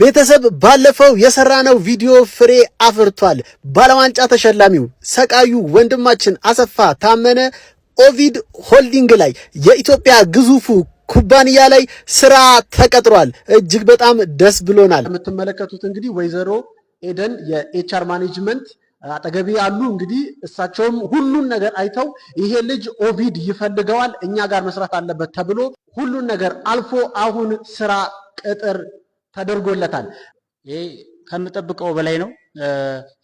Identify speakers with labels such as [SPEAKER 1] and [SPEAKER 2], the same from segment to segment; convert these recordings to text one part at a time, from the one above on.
[SPEAKER 1] ቤተሰብ ባለፈው የሰራነው ቪዲዮ ፍሬ አፍርቷል። ባለዋንጫ ተሸላሚው ሰቃዩ ወንድማችን አሰፋ ታመነ ኦቪድ ሆልዲንግ ላይ የኢትዮጵያ ግዙፉ ኩባንያ ላይ ስራ ተቀጥሯል። እጅግ በጣም ደስ ብሎናል።
[SPEAKER 2] የምትመለከቱት እንግዲህ ወይዘሮ ኤደን የኤችአር ማኔጅመንት አጠገቢ ያሉ እንግዲህ እሳቸውም ሁሉን ነገር አይተው ይሄ ልጅ ኦቪድ ይፈልገዋል፣ እኛ ጋር መስራት አለበት ተብሎ ሁሉን ነገር አልፎ አሁን ስራ ቅጥር ተደርጎለታል። ይሄ ከምጠብቀው በላይ ነው።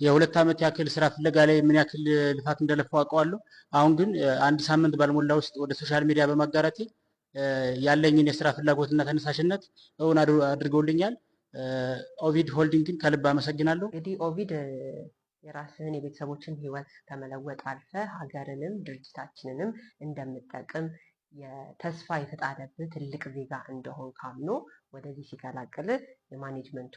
[SPEAKER 2] የሁለት ዓመት ያክል ስራ ፍለጋ ላይ ምን ያክል ልፋት እንደለፈው አውቀዋለሁ። አሁን ግን አንድ ሳምንት ባልሞላ ውስጥ ወደ ሶሻል ሚዲያ በማጋራቴ ያለኝን የስራ ፍላጎትና ተነሳሽነት እውን አድርገውልኛል። ኦቪድ ሆልዲንግን ከልብ አመሰግናለሁ።
[SPEAKER 3] እንግዲህ ኦቪድ የራስህን የቤተሰቦችን ህይወት ከመለወጥ አልፈ ሀገርንም ድርጅታችንንም እንደምጠቅም ተስፋ የተጣለብህ ትልቅ ዜጋ እንደሆን ካምኖ ወደዚህ ሲቀላቅል የማኔጅመንቱ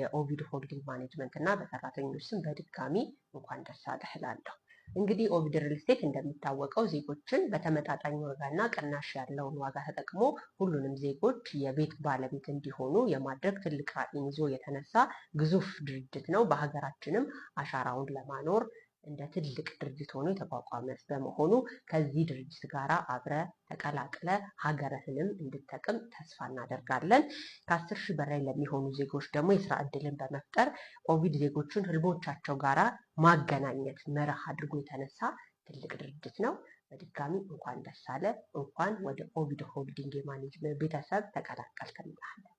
[SPEAKER 3] የኦቪድ ሆልዲንግ ማኔጅመንት እና በሰራተኞች ስም በድጋሚ እንኳን ደስ አለህ እላለሁ። እንግዲህ ኦቪድ ሪል ስቴት እንደሚታወቀው ዜጎችን በተመጣጣኝ ዋጋና ቅናሽ ያለውን ዋጋ ተጠቅሞ ሁሉንም ዜጎች የቤት ባለቤት እንዲሆኑ የማድረግ ትልቅ ራዕይን ይዞ የተነሳ ግዙፍ ድርጅት ነው። በሀገራችንም አሻራውን ለማኖር እንደ ትልቅ ድርጅት ሆኖ የተቋቋመ በመሆኑ ከዚህ ድርጅት ጋር አብረ ተቀላቅለ ሀገርህንም እንድጠቅም ተስፋ እናደርጋለን። ከአስር ሺህ በላይ ለሚሆኑ ዜጎች ደግሞ የስራ እድልን በመፍጠር ኦቪድ ዜጎችን ህልሞቻቸው ጋር ማገናኘት መርህ አድርጎ የተነሳ ትልቅ ድርጅት ነው። በድጋሚ እንኳን ደስ አለ፣ እንኳን ወደ ኦቪድ ሆልዲንግ የማኔጅመንት ቤተሰብ ተቀላቀልክ እንላለን።